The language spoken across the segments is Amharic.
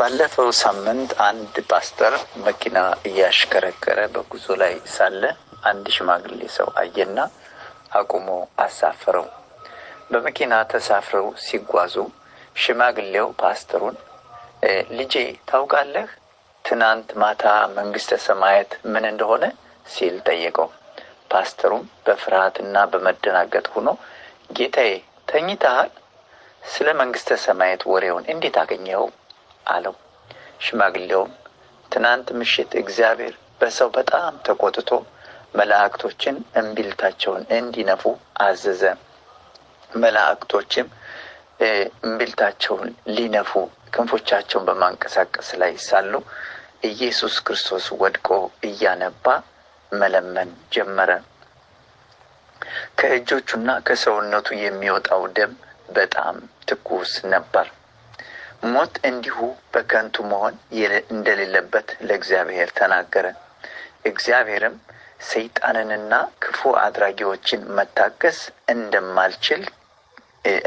ባለፈው ሳምንት አንድ ፓስተር መኪና እያሽከረከረ በጉዞ ላይ ሳለ አንድ ሽማግሌ ሰው አየና አቁሞ አሳፈረው። በመኪና ተሳፍረው ሲጓዙ ሽማግሌው ፓስተሩን ልጄ ታውቃለህ ትናንት ማታ መንግስተ ሰማያት ምን እንደሆነ ሲል ጠየቀው። ፓስተሩም በፍርሃትና በመደናገጥ ሆኖ ጌታዬ ተኝተሃል? ስለ መንግስተ ሰማያት ወሬውን እንዴት አገኘኸው? አለው። ሽማግሌውም ትናንት ምሽት እግዚአብሔር በሰው በጣም ተቆጥቶ መላእክቶችን እምቢልታቸውን እንዲነፉ አዘዘ። መላእክቶችም እምቢልታቸውን ሊነፉ ክንፎቻቸውን በማንቀሳቀስ ላይ ሳሉ ኢየሱስ ክርስቶስ ወድቆ እያነባ መለመን ጀመረ። ከእጆቹና ከሰውነቱ የሚወጣው ደም በጣም ትኩስ ነበር። ሞት እንዲሁ በከንቱ መሆን እንደሌለበት ለእግዚአብሔር ተናገረ። እግዚአብሔርም ሰይጣንንና ክፉ አድራጊዎችን መታገስ እንደማልችል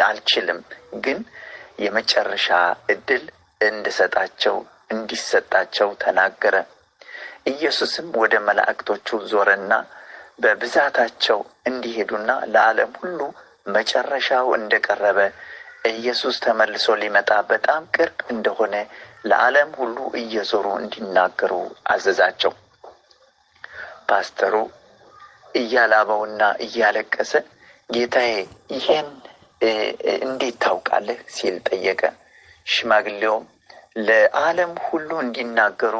አልችልም፣ ግን የመጨረሻ እድል እንድሰጣቸው እንዲሰጣቸው ተናገረ። ኢየሱስም ወደ መላእክቶቹ ዞረና በብዛታቸው እንዲሄዱና ለዓለም ሁሉ መጨረሻው እንደቀረበ ኢየሱስ ተመልሶ ሊመጣ በጣም ቅርብ እንደሆነ ለዓለም ሁሉ እየዞሩ እንዲናገሩ አዘዛቸው። ፓስተሩ እያላበውና እያለቀሰ ጌታዬ ይሄን እንዴት ታውቃለህ ሲል ጠየቀ። ሽማግሌውም ለዓለም ሁሉ እንዲናገሩ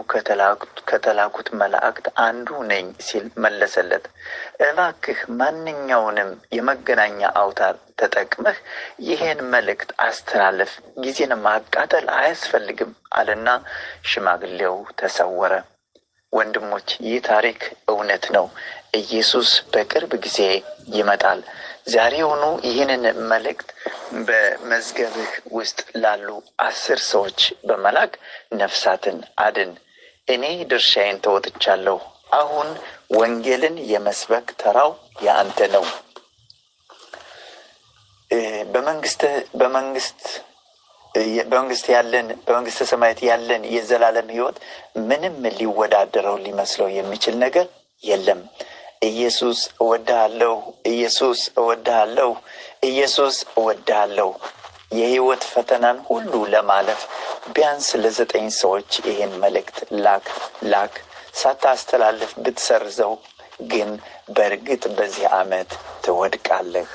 ከተላኩት መላእክት አንዱ ነኝ ሲል መለሰለት። እባክህ ማንኛውንም የመገናኛ አውታር ተጠቅመህ ይህን መልእክት አስተላለፍ፣ ጊዜን ማቃጠል አያስፈልግም አለና ሽማግሌው ተሰወረ። ወንድሞች፣ ይህ ታሪክ እውነት ነው። ኢየሱስ በቅርብ ጊዜ ይመጣል። ዛሬ የሆኑ ይህንን መልእክት በመዝገብህ ውስጥ ላሉ አስር ሰዎች በመላክ ነፍሳትን አድን። እኔ ድርሻዬን ተወጥቻለሁ። አሁን ወንጌልን የመስበክ ተራው የአንተ ነው። በመንግስት ያለን በመንግስተ ሰማያት ያለን የዘላለም ህይወት ምንም ሊወዳደረው ሊመስለው የሚችል ነገር የለም። ኢየሱስ እወድሃለሁ፣ ኢየሱስ እወድሃለሁ፣ ኢየሱስ እወድሃለሁ። የህይወት ፈተናን ሁሉ ለማለፍ ቢያንስ ለዘጠኝ ሰዎች ይህን መልእክት ላክ ላክ። ሳታስተላልፍ ብትሰርዘው ግን በእርግጥ በዚህ ዓመት ትወድቃለህ።